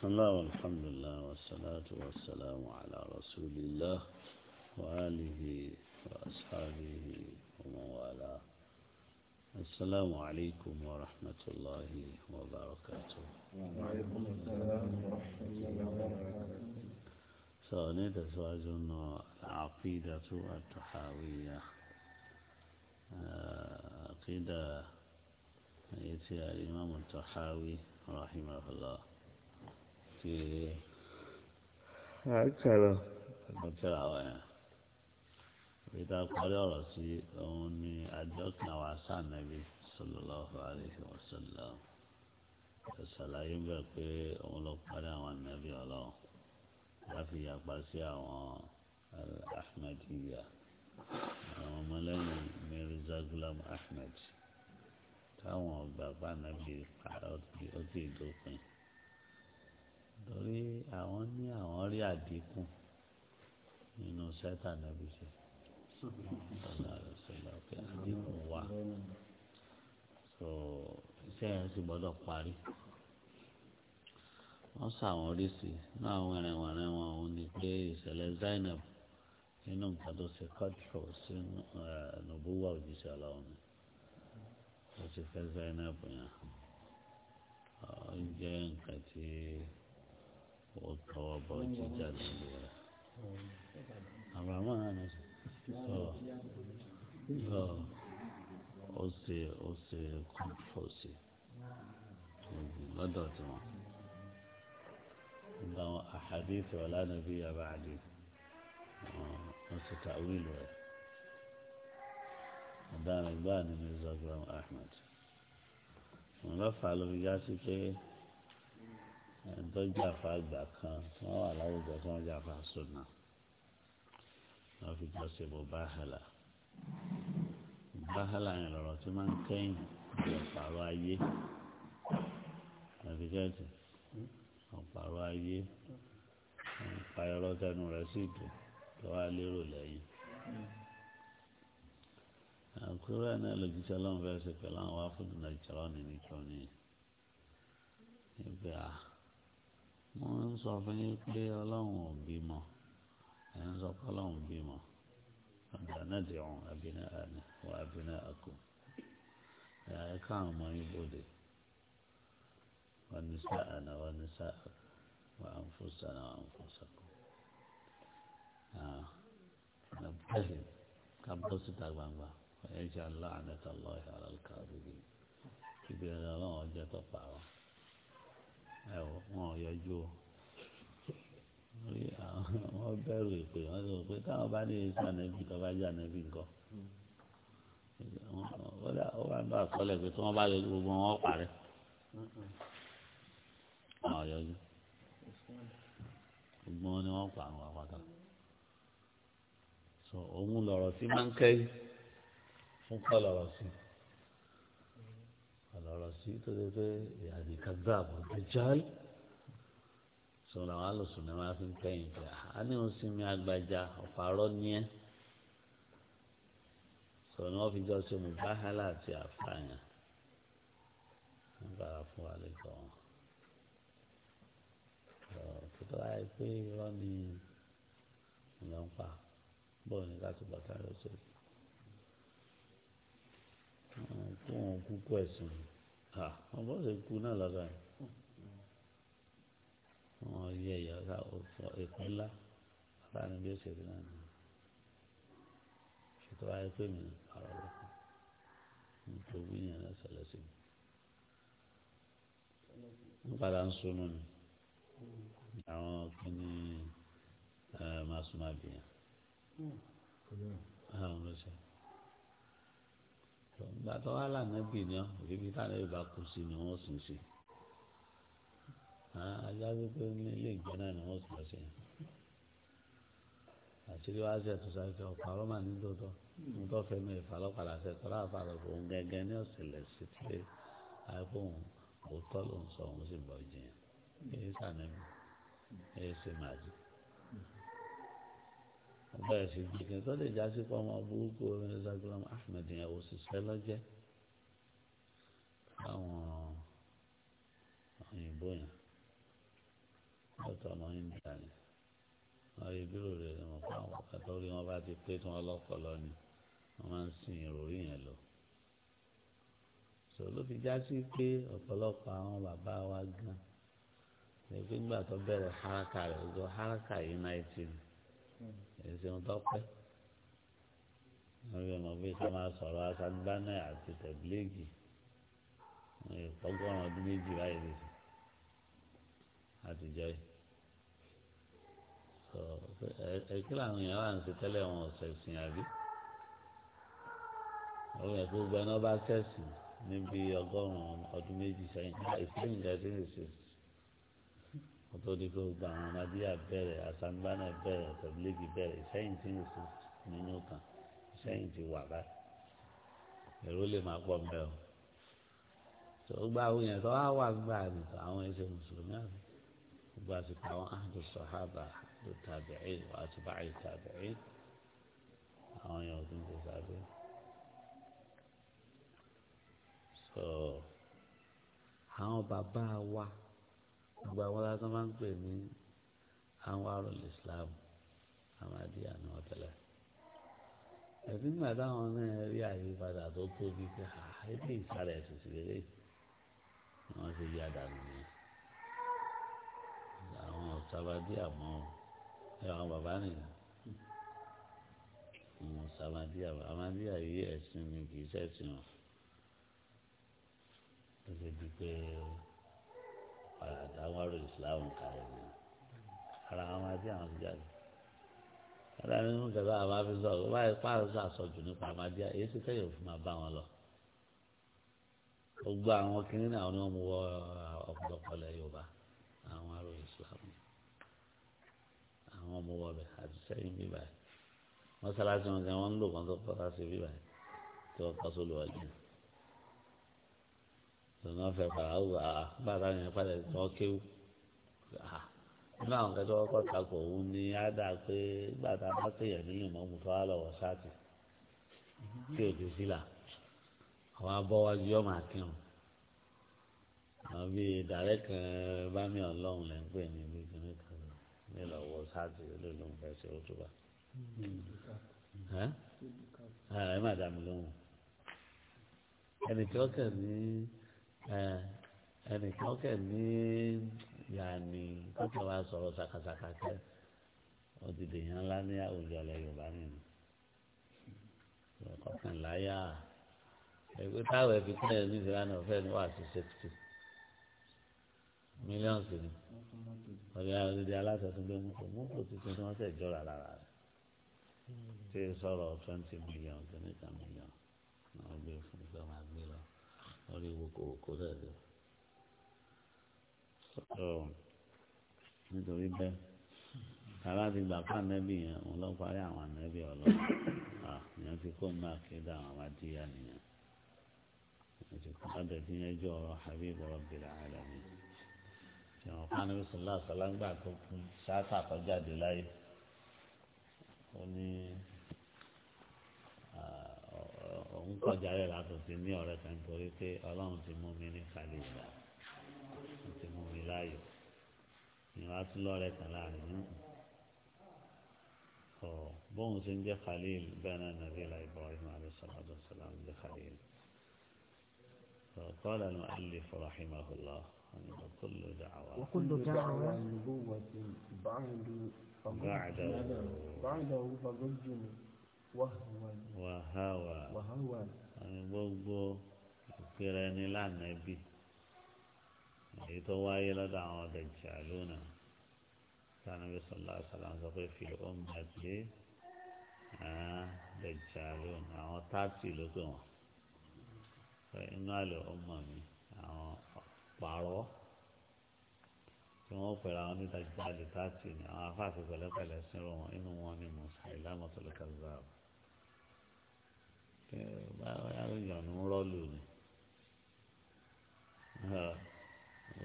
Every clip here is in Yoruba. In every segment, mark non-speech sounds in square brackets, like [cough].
بسم الله والحمد لله والصلاة والسلام على رسول الله وآله وأصحابه وموالاه السلام عليكم ورحمة الله وبركاته وعليكم السلام ورحمة الله وبركاته سأنيت أزواجنا العقيدة التحاوية آه، عقيدة يأتي الإمام التحاوي رحمه الله ti àkàrà àkàrà wa yẹn bí ta parí ọ̀rọ̀ sí òun ni àjọkàn wa sànẹ́bí sallallahu alaihi wasallam ṣàlàyé bẹ́ẹ̀ pé òun ló parí àwọn ànábì ọlọ́run láfi yàgbá sí àwọn ahmadiyya àwọn ọmọlẹ́yìn mirza gulam ahmed táwọn bàbá ànábì ó ti dópin torí àwọn ní àwọn rí àdínkù nínú sẹ́tà nàbí ṣe àdínkù wà so iṣẹ́ yẹn sì gbọ́dọ̀ parí wọ́n sàwọn oríṣi náà àwọn ẹ̀rẹ̀wẹ̀rẹ̀ wọn òun ni pé ìṣẹ̀lẹ̀ Zainab nínú nǹkan tó ṣe kọ́tù sí nùbúwà òjíṣẹ́ ọlọ́run ni ó ti fẹ́ Zainab yẹn ó jẹ́ nǹkan tí ó tọwọ́ bọ jíjà lọ́wọ́ rẹ̀ àbámọ́ àná sọ ọ ó ṣe ó ṣe kọ́ńfọ̀sì lọ́dọ̀ tí wọ́n gba àwọn àhàdíìsì ọ̀lànàbí àbáàdì wọ́n ṣe tàwílù rẹ̀ ọ̀daràn gbáà nínú ìzọgbọ̀n Ahmed wọn lọ́fà ló fi já sí pé ẹ̀ńtọ́jà fa àgbà kan wọ́n wà láwùjọ tí wọ́n jà fa sùnà wọ́n fi jọ ṣe bò báhàlà báhàlà yẹn lọ̀rọ̀ tí máa ń kẹ́yìn ọ̀pàrọ̀ ayé àfikẹ́tì ọ̀pàrọ̀ ayé ọ̀pá ẹ̀rọ tẹnu rẹ̀ sì dùn tó wá lérò lẹ́yìn. àkúrẹ́ náà lòjíṣẹ́ lọ́nfẹ̀ẹ́ ṣe pẹ̀lú àwọn afọ́dúnrún ìjọba nínú ìjọ nìyí. ìgbà wọ́n ń sọ fún yín pé ọlọ́run ò bímọ ẹ̀ ń sọ pé ọlọ́run bímọ àbínádì ọ̀hún àbínà àní wọ àbínà àkó ẹ̀ ká àwọn ọmọ yín bòde wọ́n ní sá àná wọ́n ní sá àkó wọ́n á ń fò sànà wọ́n á ń fò sàkó. نبتهم كبرس تغبانبا ويجعل لعنة الله على الكاذبين كبير الله وجه تطعوه ẹ wọn ò yọjú o wọ́n bẹ̀rù ìpè wọ́n sọ pé táwọn bá ní èso ànẹ́bí tó bá jẹ́ ànẹ́bí nǹkan ó wà ní àkọọ́lẹ̀ pé tí wọ́n bá yọjú gbogbo wọn parẹ́ wọn ò yọjú gbogbo wọn ni wọ́n pa àwọn àpáta so òun lọ̀rọ̀ sí máa fún kọ́ lọ̀rọ̀ sí i lọ́rọ̀ sí tó dé pé ìyàdí kàdá àbò dẹjáàlì sọ̀rọ̀ àwọn alùsùn ni wọ́n á fi ń kẹ́yìn pé a ní òun sinmi àgbàjà ọ̀fàrọ̀ nìyẹn sọ̀rọ̀ ni wọ́n fi jọ ṣe mùbáhálà àti àfààyàn wọ́n bára fún wa lẹ́kọ̀ọ́ wọn. tọ́tọ́ láyé irọ́ ni ìyàn pa bọ́ọ̀ ní láti bàtà rẹ̀ kí wọ́n kúkú ẹ̀sìn wọn bọ́ sí ikú náà lọ́dọ̀ yìí wọn yẹ ìyá ọ̀sà èkó ńlá ọ̀sà ni bí ó ṣe rí náà ni ṣètò ayé pé mi ní ọ̀rọ̀ lọ́kọ̀ nítorí yẹn náà ṣẹlẹ̀ sí mi ń padà ń sunú ni àwọn ìgbà tó wà lànàbì ni ọ ibi táwọn ìbá kú sí ni wọ́n sì ń ṣe ajá wípé nílé ìgbẹ́ náà ni wọ́n sì lọ sí yẹn àṣírí wá ṣe ẹ̀tún sáré ọ̀pá ọlọ́mà ní lóòótọ́ mo tọ́ fẹ́ mi ìfà lọ́padà ṣe tọ́lá àfàlọ́ òun gẹ́gẹ́ ní ọ̀sẹ̀lẹ̀ sí ti àìfóhùn òótọ́ ló ń sọ òun sì bọ̀ jìyàn èyí sànẹ́bù èyí sì màjì bẹ́ẹ̀ sì gbèsè tó lè já sí pọ́nmọ́ burúkú orin zagulam ahmed yẹn òṣìṣẹ́ lọ́jẹ́ fáwọn òyìnbó yẹn lọ́tọ̀ ọmọ india ni wọ́n rí bírò rẹ̀ lọ́mọ fáwọn ọ̀kadà orí wọn bá ti pé tí wọ́n lọ́pọ̀lọ́ ni wọ́n máa ń sin ìròrí yẹn lọ. sọ̀rọ̀ ló fi já sí pé ọ̀pọ̀lọpọ̀ àwọn bàbá wa gan ẹgbẹ́ gbà tó bẹ̀rẹ̀ haraka rẹ̀ gbọ́ haraka yìí èsì ń tọ́pẹ́ wọ́n fi mọ̀ pé ká máa sọ̀rọ̀ aṣágbáná àti tẹ̀bílẹ́ẹ̀gì wọ́n yẹ pọ́gọ́rùn ọdún méjì báyìí lè àtijọ́ yìí sọ ẹ kí làwọn èèyàn wà ń ṣe tẹ́lẹ̀ wọn ọ̀sẹ̀ sìn àbí àwọn èèyàn gbogbo ẹni bá sẹ̀sìn níbi ọgọ́rùn ọdún méjì sẹ́yìn ìsìlẹ̀ ìgbà tí wọ́n tó di pé gbogbo àwọn ọmọdéyà bẹ̀rẹ̀ àsangbánà bẹ̀rẹ̀ tẹ̀bílẹ́gì bẹ̀rẹ̀ ìsẹ́yìn tí ń sùn nínú kan ìsẹ́yìn ti wà báyìí èrò lè máa pọ̀ mbẹ́ o tó gba àwọn yẹn tó wá wà gbà ní àwọn ẹsẹ̀ mùsùlùmí àti gbogbo àsìkò àwọn àdó sọ̀hábà àdó tàbí'í àti báyìí tàbí'í àwọn yẹn ò tún ti sábẹ́ so àwọn bàbá wa gbogbo àwọn ará tó máa ń pè ní anwarul islam amadiya ni wọn tẹ́lẹ̀ ẹbí nígbà táwọn náà rí àyípadà tó tóbi pé àìpé ìsàlẹ̀ ẹ̀sìn sì lélẹ̀ ni wọ́n ṣe yí àdánù yẹn àwọn ọ̀sàbàdíà mọ́ ẹ àwọn bàbá nìyẹn àwọn ọ̀sàbàdíà àmàdíà yìí ẹ̀sìn ni kì í ṣẹ̀sìn wọn. ó pé àtàwọn ọ̀rọ̀ ìsìláàmù kàrẹ mi ara àwọn àti àwọn ti jáde ara nínú kẹta àwọn afi sọ ọ báyìí páàsì àsọjù nípa àmàdíà èyí sì tẹyẹ òfin máa bá wọn lọ gbogbo àwọn kìnínní náà ni wọn mú wọ ọ̀pọ̀lọpọ̀ ilẹ̀ Yorùbá àwọn arò ìsìláàmù àwọn ọmọ wọbẹ àti sẹ́yìn bíbáyìí mọ́sálásí wọn gan wọn ń lò wọn tó kọ́ sí bíbáyìí tí wọ́n kọ́ sólùwọ́jú lọ́nà fẹ́ padà wù á bàtà yẹn padà lọ́ kéwù nínú àwọn kẹtọ́ ọkọ̀ takò òun ni á dà pé bàtà bá kéèyàn nílùú mọ́ mu fáwọn lọ́wọ́ sáàtì tí òde sílà àwọn abọ́wájú yọ máa kírun àwọn bíi dàrẹ́ kan bá mi ọlọ́run lẹ́ ń pè ní bí kíní kan ní lọ́wọ́ sáàtì olóòlùm fẹ́ ṣe ó tó bá. ẹ má dàmú lóhùn ẹnì tí ó ní. Eh, ẹnìkan kẹ̀ ní yàní kókè wa sọ̀rọ̀ sàkàsàkà kẹ́ wọ́n ti dèèyàn ńlá ní àwùjọ ọ̀lẹ́ Yorùbá nínú kọkànláyà ẹgbẹ́ táwọn ẹbí tẹ̀ ní ìlànà ọ̀fẹ́ ni wà sí sẹ́kìtì mílíọ̀nù sí ni ọ̀dẹ̀ ọ̀dẹ̀ aláṣẹ tó gbé mú kó mú kó tuntun tí wọ́n tẹ̀ jọra lára rẹ̀ tí sọ̀rọ̀ twenty million twenty million náà gbé fún ìgbà máa gbé orí wòkòwòkò rẹ̀ lọ. nítorí bẹ́ẹ̀ tàbá ti gbà fún ànẹ́bì yẹn òun ló parí àwọn ànẹ́bì ọlọ́run ìyẹn ti kó nínú àkéde àwọn amadíyà nìyẹn ìyẹn ti kó nínú àdẹ̀tí yẹn jọ ọ̀rọ̀ habib rabbil alamin tí wọn fún ànẹ́bì sọlá sọlá ń gbà tó kú sáà tàkọ́jáde láyé ó ní. un kọjá rẹ̀ látò sí ní ọ̀rẹ́ kan torí pé ọlọ́run ti mú mi ní kàlífà ó ti mú mi láàyò ìwà tí lọ́rẹ́ kan láàrin náà ọ̀ bóun ṣe ń jẹ́ khalil bẹ́ẹ̀ náà la ilà ibrahim alayhi salatu wa salam de khalil قال المؤلف رحمه الله وكل دعوة وكل دعوة نبوة بعد بعده بعده فضجني wàháwà gbogbo ìpèrè ní lànàbí èyí tó wáyé lọ́dọ̀ àwọn ọ̀dẹ̀jà lónàá sanabi sọlá sàlám sọ pé fi ọmọ àti ọ̀dẹ̀jà lónàá àwọn táàtì ló pè wọ́n inú àlọ́ ọmọ mi àwọn pààrọ̀ tí wọ́n pẹ̀lú àwọn onídàájọ́ àlè táàtì ni àwọn afáàfin pẹ̀lẹ́pẹ̀lẹ́ sínú wọn inú wọn ni musa ìlànà tó lè kàzá báyọ̀ ìyọ̀nù ń rọ́ọ̀lù ni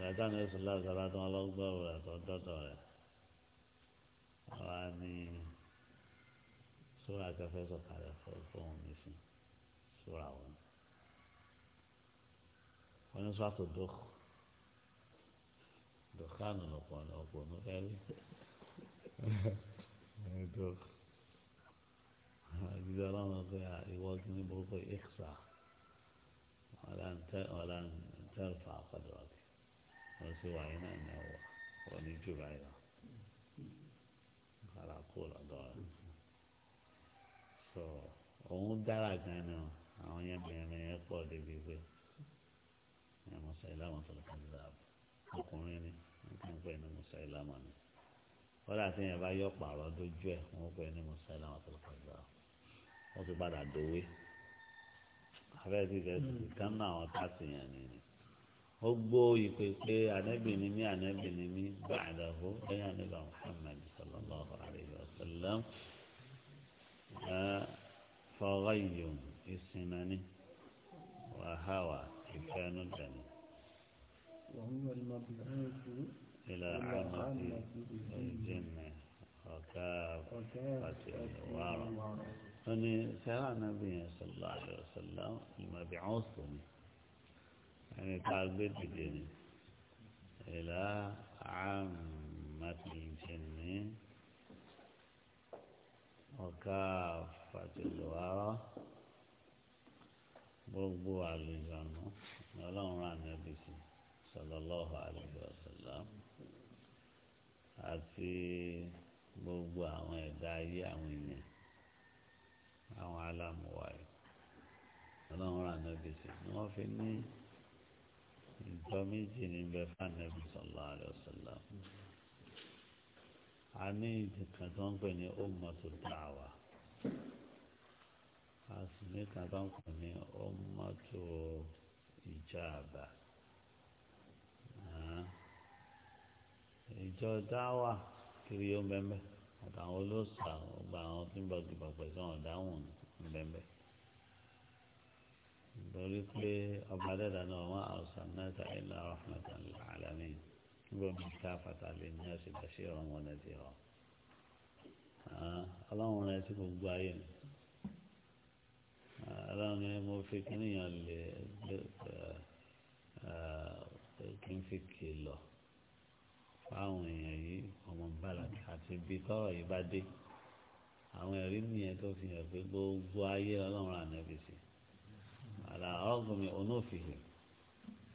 ìgbà táwọn ẹ̀sùn lásán láti wọn lọ́gbọ́n rẹ̀ tó dọ́tọ̀ rẹ̀ wọ́n á ní sóra kẹfẹ́ sọ̀kalẹ̀ fún mi fún sóra wọn. wọ́n ní sọ́tò dọ́kù dọ́kù àná lọ́pọ̀ ọ̀nà ọ̀pọ̀ ọ̀nà fẹ́ẹ́ rí [laughs] dọ́kù ìdílé ọlọ́run pé ìwọ gíní burúkú ìṣà ọ̀làn tẹ́lifà àkọ́dọ̀rọ̀kì wọ́n sì wà yín náà ní ọ̀wọ́ wọ́n ní jù báyìí lọ kàrà kú lọ́dọ̀ rẹ̀ so òun dára gan ni àwọn yẹn mẹ́rin yẹn pọ̀ débi pé ẹ̀ mọ̀sáyìlá wọn sọ̀rọ̀ kan dára ọkùnrin ni wọ́n pè ní mọ̀sáyìlá wọn ni wọ́n dà sí yẹn bá yọ̀ pààrọ̀ dójú ẹ̀ wọ́n pè ní mọ̀sáyìlá wọn sọ̀rọ̀ kan wọ́n fi padà dòwe afẹ́ ti fẹ́ sùn kán náà àwọn káàsì yẹn ni ó gbó ìpè pé ànábì ni mí ànábì ni mí ba'dahu lẹ́yìn ànábì Muhammad sallallahu alayhi wa sallam fọwọ́yò ìsinmi wàháwà ìfẹ́nudàní. إلى عامة الجنة وكافة الورى أن سيرى النبي صلى الله عليه وسلم المبعوث يعني تعبير بدينه إلى عامة الجن وكافة الورى gbogbo àlùjọ̀nù ọlọ́run rán nàbì sí sọlọ́lọ́hùn àlùjọ̀sọ̀lá àti gbogbo àwọn ẹ̀dá ayé àwọn ènìyàn àwọn alámúwáyé ọlọ́run rà nàbì sí ni wọ́n fi ní ìjọ méjì níbẹ̀ fànàbì sallallahu alaihi wasallam a ní ìdìkan tó ń pè ní ummatu da'wa a sì ní kan tó ń pè ní ummatu ijaba ìjọ dáwà kiri yóò mẹ́mẹ́ àtàwọn olóòṣà ọgbà àwọn tí ń bọ dìbò pẹ̀sẹ̀ wọn dáhùn ńbẹ́ńbẹ́ nítorí pé ọba dẹ́dà náà wọ́n àwòsàn náà ta ilà rahmatan lil alamin níbo bí ká fata lè ní ọ̀sẹ̀ bàṣẹ ọ̀run wọn ti rọ. ọlọ́run rẹ tí kò gbọ́ ayé mi ọlọ́run ni mo fi kíníyàn lè kí n fi kìlọ̀ fáwọn èèyàn yìí ọmọ balak àti ibi tọ́rọ̀ yìí bá dé àwọn ẹ̀rí nìyẹn tó fi hàn pé gbogbo ayé ọlọ́run ànábì sí àlà ọgùnmi onófìhì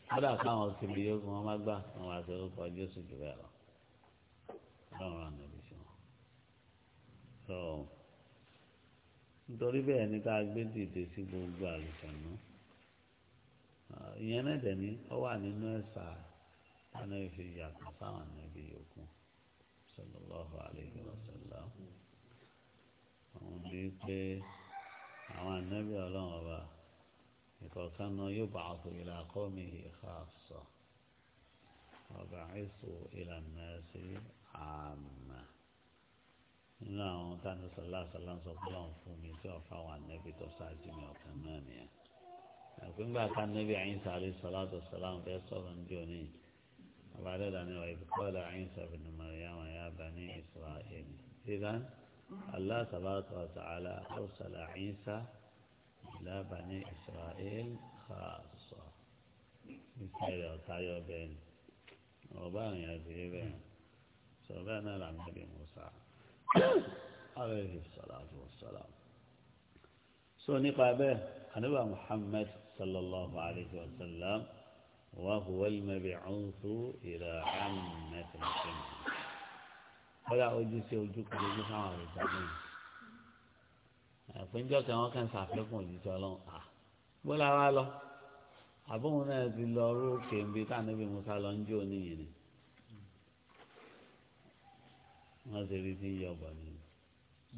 kódà káwọn kiri yóò wọn má gbà wọn wá sí orúkọ jésù jù bẹ́ẹ̀ lọ ọlọ́run ànábì sí wọn. nítorí bẹ́ẹ̀ ni ká gbé dìde sí gbogbo àlùfẹ́ náà ìyẹn náà dẹ̀ ní ó wà nínú ẹ̀sà anabi fi yàtọ̀ sáwọn anabi yòókù sallallahu alayhi wa sallam àwọn bíi pé àwọn anabi ọlọ́run ọba ìkọ̀ọ̀kan náà yóò bá àtò ìlà kọ́mi khassa ọba ìsò ìlà mẹ́sì àmà nínú àwọn táwọn sọlá sọlá ń sọ pé wọn fún mi tí wọn fáwọn anabi tó ṣáájú mi ọ̀kan náà nìyẹn àpéǹgbà ká anabi àyínsá àlè sọlá tó sọlá ń fẹ́ sọ̀rọ̀ ń jọ níyì. بعد ذلك وإذ قال عيسى بن مريم يا بني إسرائيل إذا الله تبارك وتعالى أرسل عيسى إلى بني إسرائيل خاصة مثل وتعيو بين وبان يبي بين سبحان الله النبي موسى عليه الصلاة والسلام سو نقابه أنبا محمد صلى الله عليه وسلم وهو المبعوث إلى عامة الجنة ولا أجلس وجوك بجوك على الزمين fúnjọ́ kan wọ́n kàn ṣàfikún òjíṣẹ́ ọlọ́run à bọ́lá wa lọ àbóhun náà ti lọ rú kéńbi tánàbí musa lọ ń jó níyìn ni wọ́n ti rí ti ń yọ bọ̀ nínú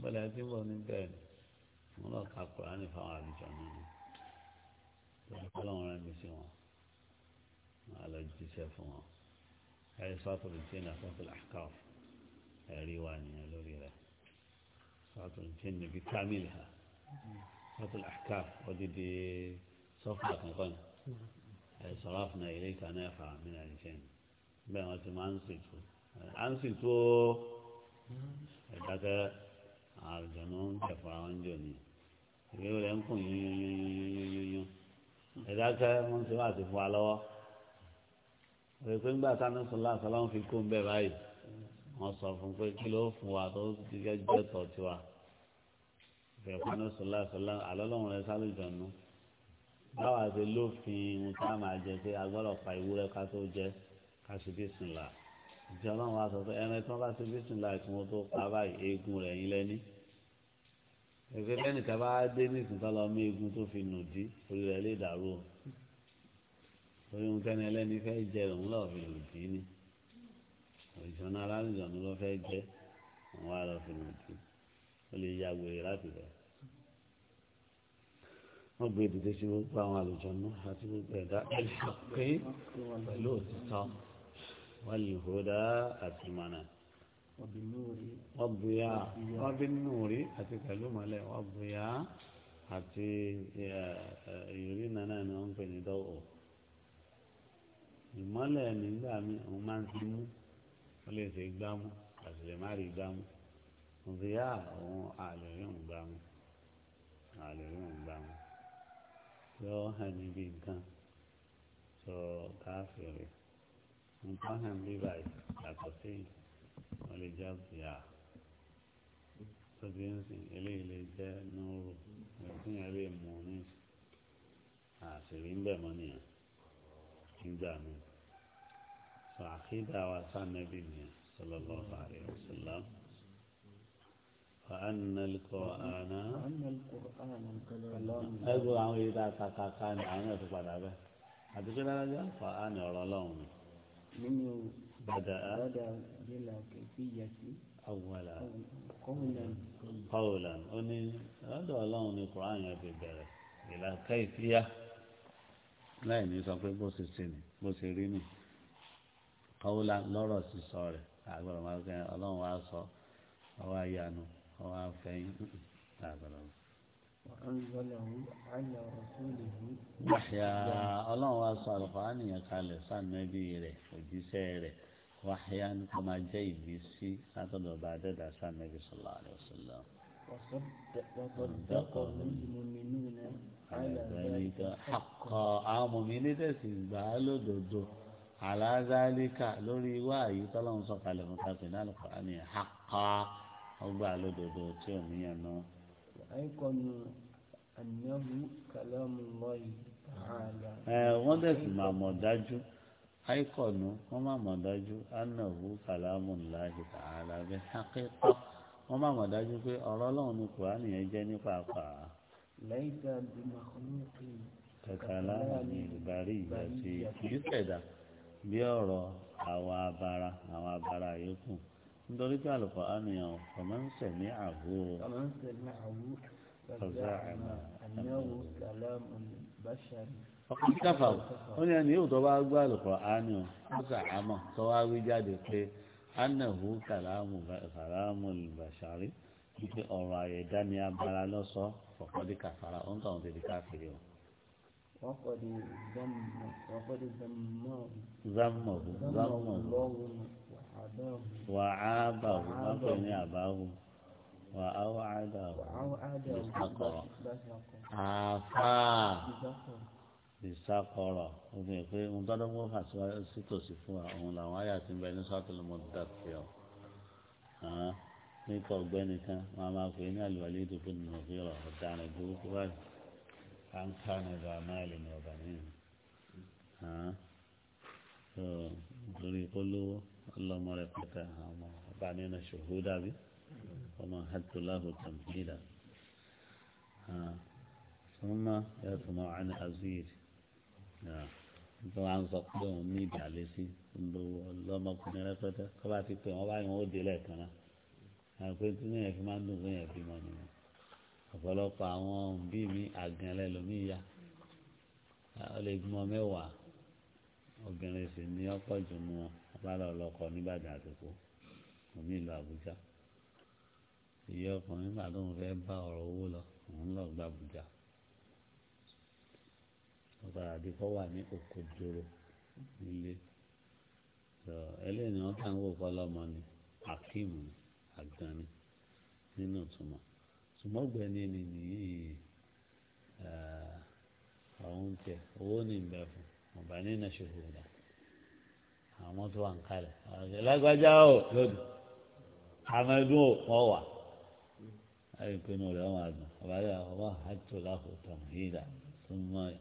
bọ́lá ti ń bọ̀ ní bẹ́ẹ̀ ni wọ́n lọ ka kùránì fáwọn àlùjọ nínú ọlọ́run rẹ̀ mi sí wọn. على الجسافة هذه صلاة الجن صلاة الأحكاف رواني لوري له صلاة الجن بكاملها صلاة الأحكاف ودي صفحة نقول صرفنا إليك نافع من الجن بما تمانسلتو أنسلتو إذا الجنون كفران جوني ìwé rẹ̀ ń kùn yún yún yún yún yún yún ẹ̀dá kẹ́ wọ́n ti wá àti fún wa lọ́wọ́ pé ńgbà sani sọlá sọláwọn fi kó ń bẹ báyìí wọn sọ fún pé kí ló fún wa tó ti jẹ tọ tiwa bẹ́ẹ̀ sani sọlá sọlá alọlọrun rẹ sálù jọnu báwa ṣe lófin ohun tá a máa jẹ pé a gbọ́dọ̀ pa ìwúrẹ́ ká tó jẹ ká ṣe bísìnlá ìjọ Ọlọ́run wa sọ pé ẹni tí wọn bá ṣe bísìnlá kí wọn tó pa báyìí eegun rẹ yín lẹni ẹgbẹ bẹ́ẹ̀ nìkan bá dé nísìnyí torí ohun tẹ́ni ẹlẹ́ni fẹ́ jẹ òun lọ́ọ́ fi lò dì í ni òṣìṣàn aláàlùjọ̀nù ló fẹ́ jẹ òun wá lọ́ọ́ fi lò dì í ó lè ya wèrè láti rẹ̀ wọ́n gbé dìde sí gbogbo àwọn àlùjọ̀nù àti gbogbo ẹ̀dá ẹ̀dá pé pẹ̀lú òtítọ́ wọ́n lè hó dá àti mọ̀nà wọ́n bóyá wọ́n bí nínú rí àti pẹ̀lú mọ́lẹ̀ wọ́n bóyá àti ìrírí nàná ni wọ́n ń pè ní dọ́wọ́ ìmọ́lẹ̀ nígbà mi òun máa ń fi mú ó lè ṣe gbámú àti lè má rí gbámú òbíyá òun àlèrí òun gbámú àlèrí òun gbámú yọ hàn níbi nǹkan sọ káfíìrì nǹkan hàn bí báyìí yàtọ̀ sí wọ́n lè jẹ́ òbíyá tó ń sìn eléyìí lè jẹ́ nùrù ẹ̀sìn yẹn lè mú ní àṣírí ń bẹ̀ mọ́ nìyẹn. nígbà mi sọ النبي صلى الله عليه وسلم alayhi wa فأن القرآن فأن القرآن كلام أقول عن إذا تكاكان عن أتقبل به هذا كل هذا فأنا أرى لهم من بدأ بدأ بلا كيفية أولا قولا قولا أني هذا لون القرآن يبي بلا كيفية láì ní sọ pé bó ṣe ṣe ni bó ṣe rí ni kọ́wúlá lọ́rọ̀ sísọ rẹ̀ àgbọ̀rọ̀ máa kẹ́ ọlọ́run wá sọ ọwọ́ ayanu ọwọ́ afẹ́yìn àgbọ̀rọ̀. Wàhíà ọlọ́run wá sọ àlùfáàní yẹn kalẹ̀ sànẹ́bí rẹ̀ òjíṣẹ́ rẹ̀ wàhíà ni kò máa jẹ́ ìbísí látọ̀dọ̀ bá dẹ́dà sànẹ́bí sallallahu alaihi wasallam. وصدق المؤمنون على ذلك حقا àwọn mùmíní tẹ̀sí gbà á lódodo على ذلك lórí wá àyè tọ́lọ́run sọ kalẹ̀ fún káfí náà lọ́kọ̀ á ní حقا ọgbà lódodo tí ò níyàn náà. àìkọ́nù àníyànjú kàlámù lọ́yìn tààlà. ẹ wọ́n tẹ̀sí màá mọ̀ dájú àìkọ́nù wọ́n má mọ̀ dájú ànáwó kàlámù láàyè tààlà bẹ́ẹ̀ hákẹ́tọ́. wọ́n máa mọ̀ dájú pé ọ̀rọ̀ ọlọ́run ni kùránì yẹn jẹ́ ní pàápàá. ní ìbárí ìgbà tí kìí ṣẹ̀dá bí ọ̀rọ̀ àwọn abara àwọn abara yòókù nítorí pé àlùkò àníyàn ń ọ̀sẹ̀ ọkùnrin káfà ó ní ẹni yóò bá gbọ́ àlùkò àníyàn wá jáde pé. anahu kàlámù kàlámù bàṣárí wípé ọ̀rọ̀ àyẹ̀dá ni abala lọ́sọ̀ ọ̀pọ̀dé kàfàrà ó ń tàn tètè káfíìrì o. wọ́n kọ́ di zammahu zammahu wà á bàwù wọ́n pè ní àbáwù wà á wà á dàwù bàṣàkọ̀ àfà ìsákọ̀rọ̀ òfin pé ohun tó dọ́gbọ́n fà sítòsí fún wa òun làwọn àyà ti ń bẹ ní sọ́tòlù mọ́tàkìọ́ nípa ọ̀gbẹ́ni kan máa máa pè ní àlùwálé ìdìbò nínú òfin rọ̀ ọ̀daràn burúkú báyìí à ń ká ní ọ̀dọ̀ àmáàlì ní ọ̀bà nínú torí kó lówó ọlọ́mọ rẹ̀ pẹ̀tẹ́ àwọn ọba nínú ṣòfò dàbí ọmọ hàtúláhù tàǹfìlà. ثم يطمع عن أزيد tó wá ń sọ pé òun ní ìdálé sí gbogbo ọlọ́mọkùnrin rẹpẹtẹ tó bá ti pè wọ́n báyìí wọ́n ó dé lẹ́ẹ̀kan náà àpé tí ní ẹ̀fí máa ń dùn fún ẹ̀fí mọ́ nìyẹn ọ̀pọ̀lọpọ̀ àwọn òbí mi àgànlẹ̀ lómi ya ó lè gbọ́n mẹ́wàá obìnrin sì ní ọ̀pọ̀ jù mú wọn abálẹ̀ ọlọ́kọ nígbàdàn àtòkò omi ìlú Àbújá ìyá ọkùnrin nígbà tó ń fẹ́ bá ọ̀rọ̀ owó lọ òun lọ gba Àbújá ọ̀sán àdìpọ̀ wà ní òkòjòrò nílé ẹlẹ́ni wọn kàn wò fọlọ́mọ ni akeem agbani nínú ìtumọ̀ sùmọ́gbẹ́ni ni nìyí àwọn oúnjẹ owó ní ìgbà fún ọ̀bà nínú ṣòkòrò àwọn tó wà ń kalẹ̀ ọ̀sẹ̀ lágbájá ò lòdì amẹ́dún ò wọ́n wà láyé pinnu rẹ̀ wọ́n àgbọ̀n ọ̀bá yà wọ́n àjò láhùn tàn yíyà tó mọ́ ẹ̀.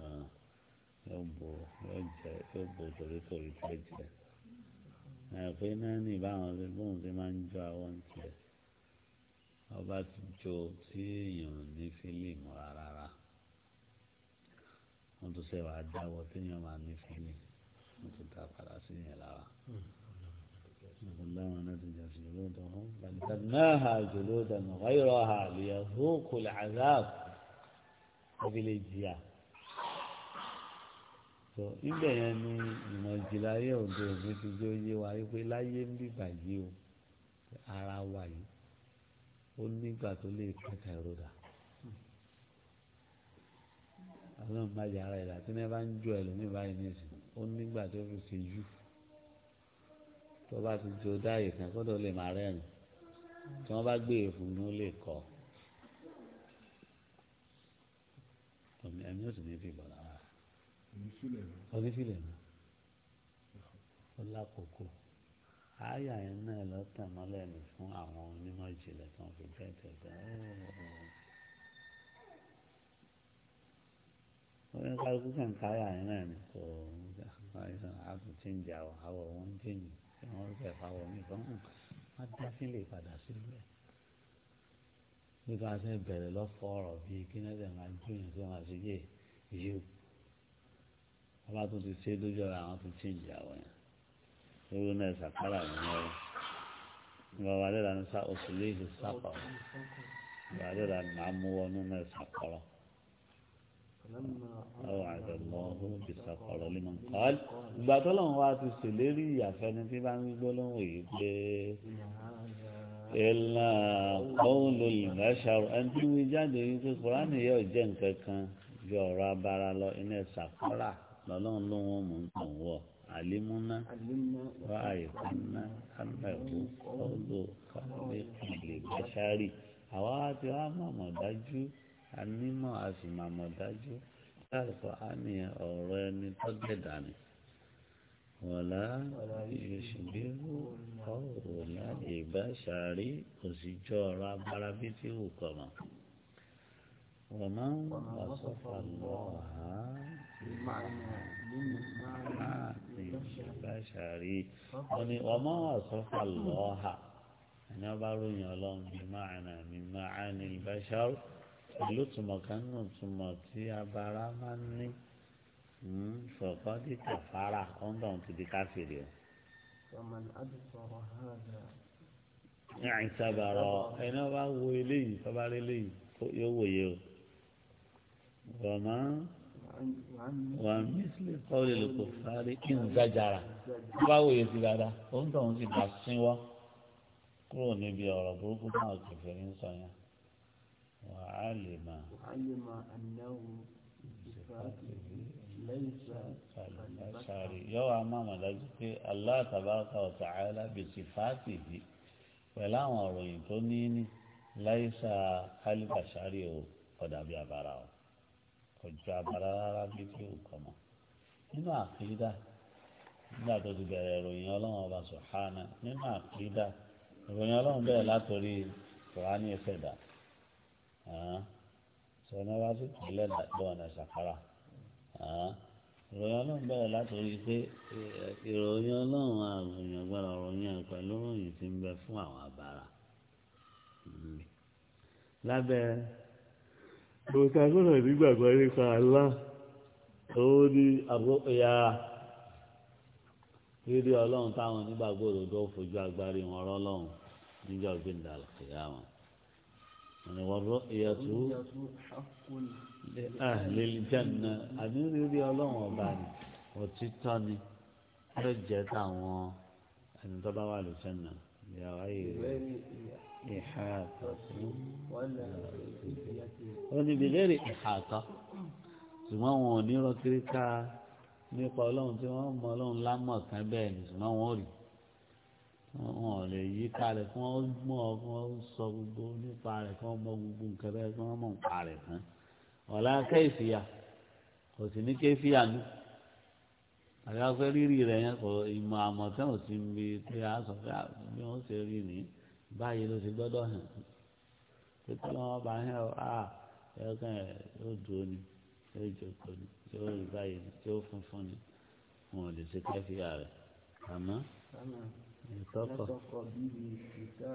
Ah, yóò bo yóò jẹ yóò bo tòlítòlí tó jẹ ẹ̀fẹ́ náà ní ìbáwọn ọdún bóun ti máa ń jó àwọn tiẹ̀ ọba ti jó tí èèyàn ní fílíìmù rárá wọ́n tún ṣe wàá dáwọ́ tí èèyàn máa ní fílíìmù wọ́n tún dá padà sí yẹn lára. الله نتج جلودهم بدلناها جلودا غيرها ليذوقوا العذاب وبالجياه so ibẹ̀ yẹn ni ìmọ̀ ìjìnlẹ̀ ayé òde òní ti jẹ́ oyé wa wípé láyé ń bìbà yìí o ara wa yìí ó nígbà tó lè kẹta ìrora ọlọ́run má yà ara ìlà tí wọ́n bá ń jó ẹlòmíì báyìí nìyẹn ó nígbà tó fi ṣe yú tó bá ti jó dáàyè kan kó tó lè máa rẹ́rìn tí wọ́n bá gbé èèfùn ní ó lè kọ́ ẹ̀mí ó sì ní fi bọ̀lá onífìlẹ̀ náà ọlákòókò àyà yẹn náà lọ́tàn mọ́lẹ̀ ní fún àwọn onímọ̀ ìjìnlẹ̀ tó ń fi bẹ́ẹ̀ tẹ̀sán oní kálukú kan káyà yẹn náà ni kò àtún tí ń jà àwọ̀ wọn ń jẹ̀yìn tí wọ́n fẹ́ fáwọ̀ mi kan hàn má dá sílé padà sílẹ̀ nípa ṣe bẹ̀rẹ̀ lọ́fọ̀ọ́rọ̀ bíi kí náà ṣe máa jóyìn ṣe yé yíyó bá tún ti ṣe lójú ara àwọn tún ṣe ń jà wọ́n yẹn lórí náà ṣàkárà yẹn lọ́wọ́ bàbá adéla ní sá oṣù léèṣì sápà bàbá adéla ní máa mú wa ti ṣèlérí ìyàfẹ́ni tí bá ń gbígbó lóhùn yìí pé ìlà kọ́ọ̀lù ìbáṣàrò ẹni tí wọ́n jáde yìí pé Kùránì lọ́lọ́run ló wọ́n mú tàn wọ̀ àlímúná wá àìkúnná aláìkú kọ́ló kọ́lé kìlè gbẹ́sárì àwa ti wá mọ̀mọ̀ dájú anímọ̀ a sì mọ̀mọ̀ dájú láàrúkọ á ní ọ̀rọ̀ ẹni tó gbẹ̀dà ni. wọ̀lá ìṣèlérú ọ̀rọ̀ ìbáṣárì kò jọ ọ̀rọ̀ abárabí tí wù kọ̀ mọ́. ومن وصف الله بمعنى بشري ومن وصف الله أنا بروي الله بمعنى من معاني البشر ìlú túmọ̀ kan náà túmọ̀ tí abara máa ń ní fọ̀kọ́ tí kàfàrà ọ̀ndọ̀n ti di káfíìrì o. ní àìsàbàrọ̀ ẹni wọ́n bá wo eléyìí tọ́ba rí eléyìí yóò wòye o. وما ومثل قول الكفار إن زجر báwo yẹ ti dada ó ń tọ̀hún sí bá sínwọ́ kúrò níbi ọ̀rọ̀ burúkú náà kẹfẹ́ ń sọ yẹn wà á lè mà. yọ̀wọ̀ a máa mọ̀ dájú pé Allah tabaraka wa ta'ala bi sifatihi pẹ̀lú àwọn ọ̀ròyìn tó ní ní láìsà alìbàṣárì ò kọ̀dà bí abara o ọjọ́ abala rárá bí tí ò kọ mọ nínú àkídà nígbà tó ti bẹ̀rẹ̀ ìròyìn ọlọ́run ọba sọ̀hánà nínú àkídà ìròyìn ọlọ́run bẹ̀rẹ̀ látòrí kùránì ìfẹ̀dà sọ̀nà wá sí ìpínlẹ̀ lọ́nà ṣàkárà ìròyìn ọlọ́run bẹ̀rẹ̀ látòrí pé eh, ìròyìn ọlọ́run àròyìn ọgbàrà ọ̀ròyìn pẹ̀lú ìròyìn tí ń bẹ fún àwọn àbára hmm. lábẹ́ lóòótọ́ agbọ́dọ̀ nígbàgbọ́ nípa àlá òun ni àbókòyà rírí ọlọ́run táwọn onígbàgbọ́ òdodo fojú agbárí wọn rọ́ lọ́hùn níjọ́ gbẹ̀ndà àlùkìyà wọn. ọ̀nà wọn rọ ìyàtú àhìlẹ́lì jẹ́nà àní rírí ọlọ́run ọba ni òtítọ́ ni ló jẹ́ táwọn ẹni tó bá wà lóṣẹ́ náà ìyàwó ayé rẹ̀ ìhàtọ̀ sí wọ́n ní bìlérì ìhàtọ̀ ṣùgbọ́n wọn ò ní rọ kiri ká nípa ọlọ́run tí wọ́n mọ ọlọ́run lámọ̀ kan bẹ́ẹ̀ ni ṣùgbọ́n wọn ò rí wọn ò lè yí kalẹ̀ kí wọ́n mọ̀ kí wọ́n sọ gbogbo nípa rẹ̀ kí wọ́n mọ gbogbo nǹkan bẹ́ẹ̀ kí wọ́n mọ̀ nípa rẹ̀ tán ọ̀la kẹ́ìfìyà kò sì ní kẹ́ìfìyà nù àgbàfẹ́ rírì rẹ̀ yẹn kò ìmọ̀ àmọ̀tẹ́wọ̀n ti ń bi pé a sọ fẹ́ ah, bí wọ́n ṣe rí nìyí báyìí ló ti gbọ́dọ̀ hàn pípẹ́ wọn bá hàn ọ́ à ẹ̀ẹ́kàn ẹ̀ yóò dúró ni yóò jókòó ni yóò rí báyìí ni yóò funfun ni wọn ò lè ṣe kẹ́fíà rẹ̀ àmọ́ ìtọ́kọ̀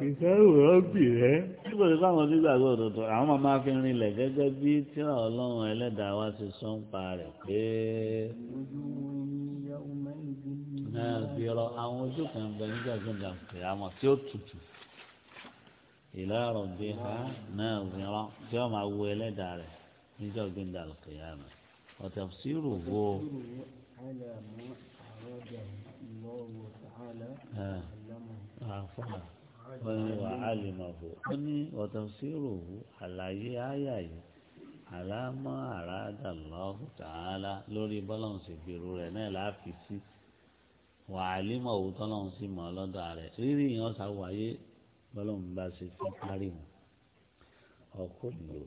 ìfẹ́ òwúrọ̀ bì rẹ́ níbo ni báwọn onígbàgbọ́ òdòdó àwọn máa máa fi rinlẹ̀ gẹ́gẹ́ bí tíra ọlọ́run ẹlẹ́dàá wa ti sọ ń pa rẹ̀ pé náà bí ọ̀rọ̀ àwọn ojú kan bẹ nígbà gbọ́dọ̀ pé àmọ́ tí ó tutù ìlà rọ̀bì ha náà mìíràn tí wọ́n máa wo ẹlẹ́dàá rẹ̀ níjọ́ gbẹ̀ndà àlùkìyàmù ọ̀tẹ̀ sírù wo. wọ́n ní wà á lè mọ̀ fò ó ní ọ̀tẹ̀ sírù wo àlàyé àyà yìí àlámọ́ àràádà lọ́hùn tààlà lórí bọ́lọ́hùn sì gbèrú rẹ̀ náà láàfin sí wàhálímọ̀ òwútọ́ lọ́hùn sí mọ́ lọ́dọ̀ rẹ̀ rírì yẹn ọ̀sà wáyé بلون bá ṣe fún kárí wọn ọkọ lò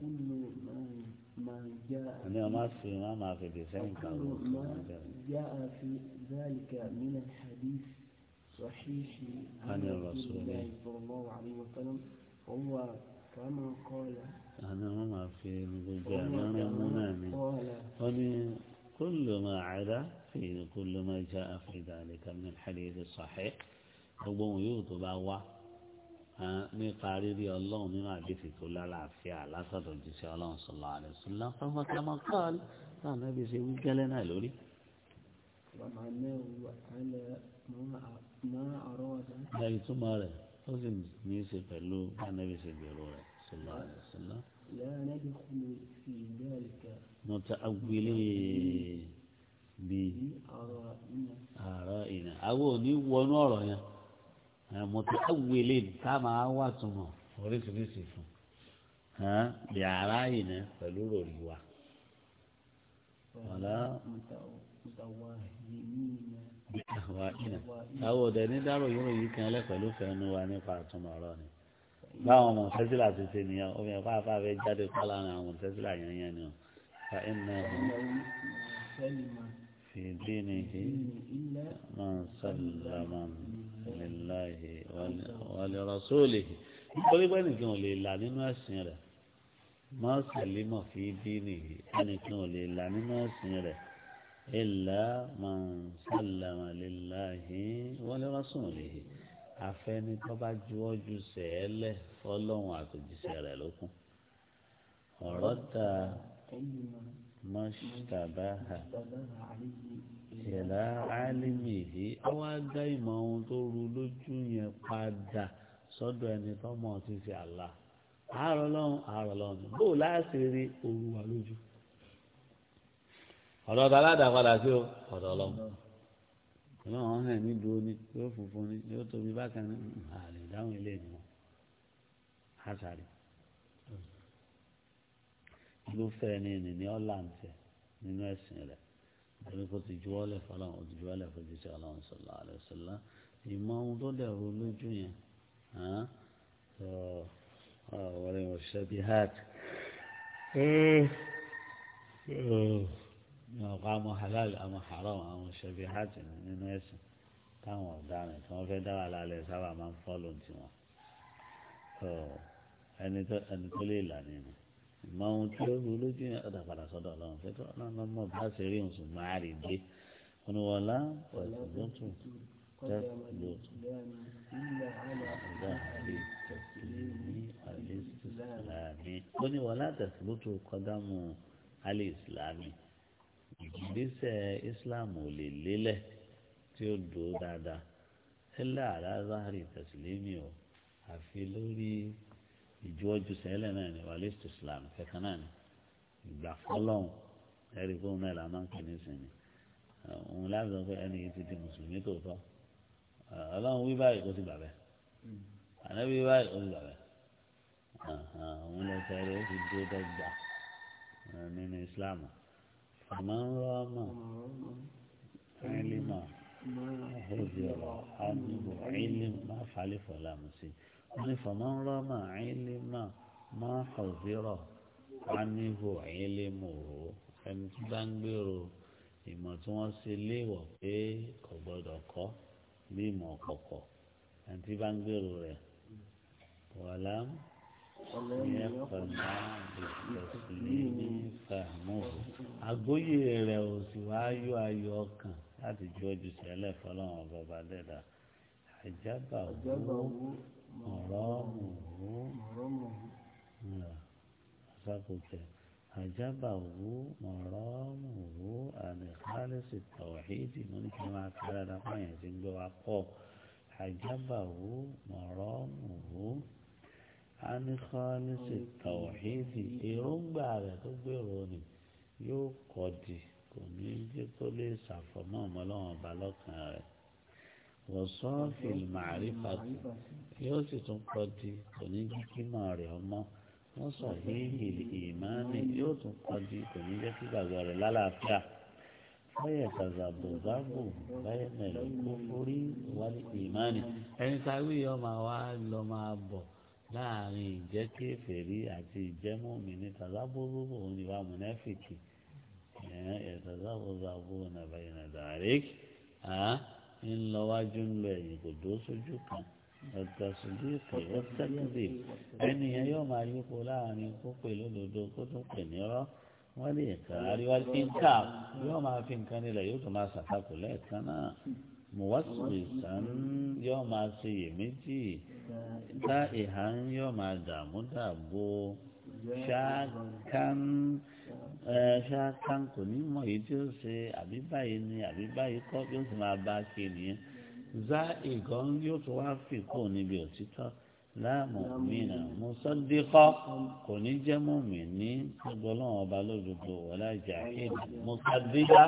ní ọmọ fi wọn máa صحيح عن الرسول صلى الله عليه وسلم هو كما قال أنا ما في الجامع منامي ومن كل ما عدا في كل ما جاء في ذلك من الحديث الصحيح هو يوتو بأواه nípa rírí ọlọ́run nínú àdìsí tó lálàáfíà lásọ̀dọ̀ jíṣẹ́ ọlọ́run sọ̀lá rẹ̀ sọ̀lá fáwọn kàmọ́ kọ́ọ̀lù táwọn ẹbí ṣe wí gẹ́lẹ́ náà lórí. ẹ̀yìn túmọ̀ rẹ̀ ó sì ní í ṣe pẹ̀lú táwọn ẹbí ṣe gbèrò rẹ̀ sọ̀lá rẹ̀ sọ̀lá. nọ̀tà agbélé bíi àárọ̀ ìnà àwọn ò ní wọnú ọ̀rọ̀ yẹn mọ̀tò awele ká máa wà túmọ̀ oríṣiríṣi fún yàrá ìná pẹ̀lú ròrí wa. wàlá wa ìnà táwọn ọ̀dẹ ní dárò yóò yí kan lẹ́ pẹ̀lú fẹ́nu wa nípa àtúmọ̀ ọ̀rọ̀ ni báwọn ọmọ tẹ́sílà ti ṣe nìyẹn omi ẹ̀fọ́ afáfẹ́ jáde pálá àwọn tẹ́sílà yẹn yẹn ni ọ̀ fa ẹ̀ náà. في دينه من سلم لله ولرسوله nítorí pé ẹnìkan ò lè là nínú ẹ̀sìn rẹ̀ máa sàlímọ̀ fi dínìhì ẹnìkan ò lè là nínú ẹ̀sìn rẹ̀ ilà máa sàlámà lélàhì wọlé rásùnlèhì afẹ́ni tó bá juwọ́ ju sẹ́ẹ̀lẹ̀ fọlọ́hún àtòjíṣẹ́ rẹ̀ lókun ọ̀rọ̀ ta mọ́ṣtàbáhà ìlà álímìhì ó wá dá ìmọ̀ ohun tó ru lójú yẹn padà sọ́dọ̀ ẹni tó mọ̀ ọ́ títí àlá àárọ̀ lọ́hùn àárọ̀ lọ́hùn bó láti rí òru wà lójú ọ̀dọ̀ ta aládàá sí o ọ̀dọ̀ lọ́hùn ọlọ́run hàn nídùú ni yóò funfun ni yóò tóbi bákan ní àlè dáhùn ilé ìgbìmọ̀ àṣàrí irúfẹ́ ẹni ìní ọ̀làǹtẹ̀ nínú ẹ̀sìn rẹ̀ torí kò ti ju ọ́lẹ̀ fọlọ́n kò ti ju ọ́lẹ̀ fojú sí ọlọ́run sọlá àlẹ́sọlá ìmọ̀ ohun tó dẹ̀ ro lójú yẹn ọ̀rẹ́ òṣìṣẹ́ bíi hàt ọ̀pọ̀ àwọn halal àwọn haram àwọn òṣìṣẹ́ bíi hàt nínú ẹ̀sìn táwọn ọ̀daràn tí wọ́n fẹ́ dá wà lálẹ́ sábà máa ń fọ́lọ̀ tiwọn ẹni tó lè là nínú ṣùgbọ́n ohun tí ó rú lójú yẹn ọ̀dà padà sọ́dọ̀ ọlọ́run pé tọ́lá náà mọ̀ bá ṣe rí oṣù máa rí gbé oníwọlá ọ̀sùnlótù tẹ́kùlù oníwọlá tẹ̀sílótù kọ́dámù alẹ́ ìsìlámì ìgbésẹ̀ islam ò lè lélẹ̀ tí ó dúró dáadáa ẹlẹ́ àrá záhárì tẹ̀sílẹ́mì o àfi lórí ìjọ́jú sẹ́lẹ̀ náà ni wàlẹ́ islam kẹ̀kẹ́ náà ni ìgbà fọlọ́hún ẹ̀rí kó náà la máa ń pè ní sinmi òun láti sọ pé ẹni yìí ti di mùsùlùmí tòótọ́ ọlọ́run wí báyìí kó ti gbà bẹ́ẹ̀ ànábì wí báyìí kó ti gbà bẹ́ẹ̀ òun lọ sẹ́rí ó ti dé dọ́gba nínú islam àmọ́ ń rọ́ ọmọ ẹ̀ẹ́lì mọ́ ọ̀hún ọ̀rọ̀ ẹ̀ẹ́lì má falẹ̀ fọlá ní fọmọ́nrọ́ máa ilima máa họ̀zírọ̀ á níhò ilimu o ẹni tí bá ń gbèrò ìmọ̀ tí wọ́n ṣe léèwọ̀ pé kò gbọ́dọ̀ kọ́ bí ìmọ̀ ọ̀kọ̀kọ̀ ẹni tí bá ń gbèrò rẹ̀ wàlá ìyẹn pẹ̀lú ìtẹ̀sílẹ̀ fàmù àgbóyè rẹ̀ ò sì wá yọ ayọ̀ ọkàn láti ju ojúṣe ẹlẹ́fọ́ lọ́wọ́ bàbá dẹ́dà àjábà owó mọ̀rọ́mù àsàkùtẹ̀ àjábàwò mọ̀rọ́mù àdìkálẹ́sì tọ̀wọ̀hídì mo ní kí n máa kára dápọ̀ yẹn ti ń gbé wa pọ̀ àjábàwò mọ̀rọ́mù àdìkálẹ́sì tọ̀wọ̀hídì èròǹgbà rẹ̀ tó gbèrò ni yóò kọ̀ dì kò ní jẹ́ kó lè ṣàfọ̀mọ́ ọmọlọ́wọ́n balọ̀kan rẹ̀ wọ́n sọ́ọ́fì màrífà yóò sì tún pọ̀ di kò ní jẹ́ kí màá rẹ̀ ọmọ wọ́n sọ híhì ìmáàní yóò tún pọ̀ di kò ní jẹ́ kí gbàgbọ́ rẹ̀ lálàáfíà báyẹ̀ kàzàbò gbàgbò báyẹ̀ mẹ̀rẹ̀ kó forí wálé ìmáàní ẹni tá a wí yọ máa wá lọ máa bọ̀ láàrin ìjẹ́ kéferì àti ìjẹ́ mọ́mí ní tàzábòrò òun ni wàá mọ̀nẹ́fìkì ẹ̀ tàzábòzàbò nàbàyìnà dàrẹ́kì ń lọ wájú ń lọ ẹ̀yìn kò dó sójú kan ọ̀tọ̀sídìkì ọ̀tẹ́kìdì ẹni yẹn yóò máa yípo láàrin kó pè lódodo kó tó pè ní ọ́ wọ́n lè kà àríwá ìka yóò máa fi nǹkan nílẹ̀ yóò tó máa ṣàtakò lẹ́ẹ̀kan náà mùwásìlì sàn yóò máa ṣe iyèméjì dá ìhà ń yóò máa dààmú dààbò ṣáàkán ṣáàkán kò ní mọ̀ èyí tí ó ṣe àbí báyìí ni àbí báyìí kọ́ bí ó sì máa bá a ṣe nìyẹn zá ìgàn yóò tún wá fi kó níbi òtítọ́ láàmú mìíràn mùsọ́díkọ́ kò ní jẹ́ mọ̀mí ní gbogbo ọlọ́run ọba lódodo wọlé àjà kéde mùsàdídá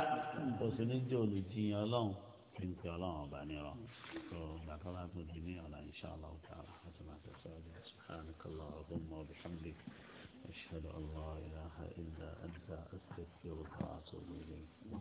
kò sì ní jẹ́ olùjiyàn ọlọ́run kí n pe ọlọ́run ọba nírọ̀ tó gbàtọ́ bá tó di ní ọ̀la ìṣàlọ́ ọ̀tá àti màtẹ́ sọ́ọ́dí سبحانك اللهم وبحمدك أشهد أن لا إله إلا أنت أستغفرك وأتوب إليك